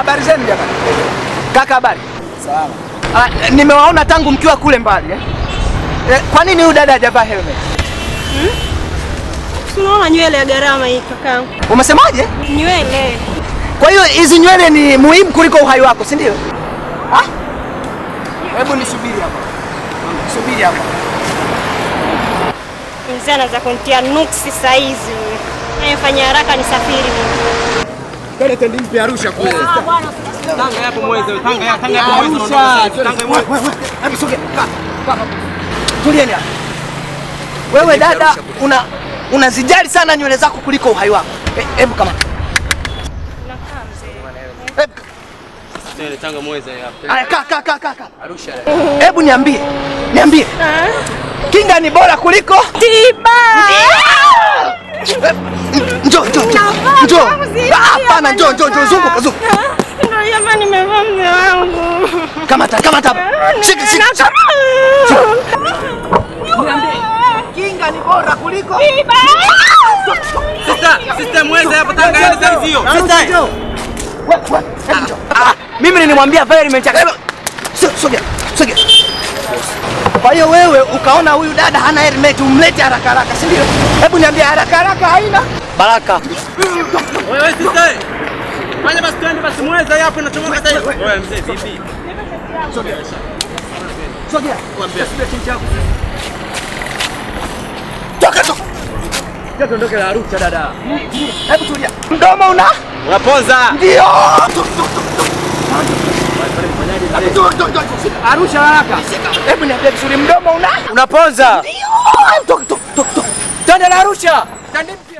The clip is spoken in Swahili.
Habari zenu jamani. Kaka habari? Salama. Ah, nimewaona tangu mkiwa kule mbali eh? Eh, kwa nini huyu dada hajavaa helmet? Hmm? Unaona nywele ya gharama hii kakaangu. Umesemaje? Nywele. Kwa hiyo hizi nywele ni muhimu kuliko uhai wako, si ndio? Ah? Hebu nisubiri hapa. Subiri hapa. Mzee anaweza kunitia nuksi saa hizi. Nifanye haraka nisafiri mimi. Mpe Arusha kule. Ah, Tanga yapo mwezo, Tanga yapo mwezo. Tanga yapo mwezo. Hebu Tulia ni hapa. Wewe dada una unazijali sana nywele zako kuliko uhai wako. E, hebu kama. Tanga mwezo Aya Arusha. Hebu niambie. Niambie. Eh? Kinga ni bora kuliko tiba. Bwana, njoo njoo njoo, zunguka zunguka. Ndio hapa nimevaa wangu. Kamata kamata. Shika shika. Kinga ni bora kuliko. Sasa sasa hapo Tanga sasa hiyo. Sasa. Ah, ah, ah. Mimi nilimwambia Sogea, sogea. Kwa hiyo wewe ukaona huyu dada hana helmet umlete haraka haraka, si ndio? Hebu niambia haraka haraka haina Baraka. Wewe sasa. Fanya basi twende basi mweza hapo inachomoka sasa hivi. Wewe mzee vipi? Sogea. Sogea. Kuambia. Sogea chini chako. Toka toka. Sio tuondoke la rucha dada. Hebu tulia. Mdomo una? Unaponza. Ndio. Arusha haraka. Hebu niambie vizuri mdomo una? Unaponza. Ndio. Toka toka toka. Tanda la Arusha. Tanda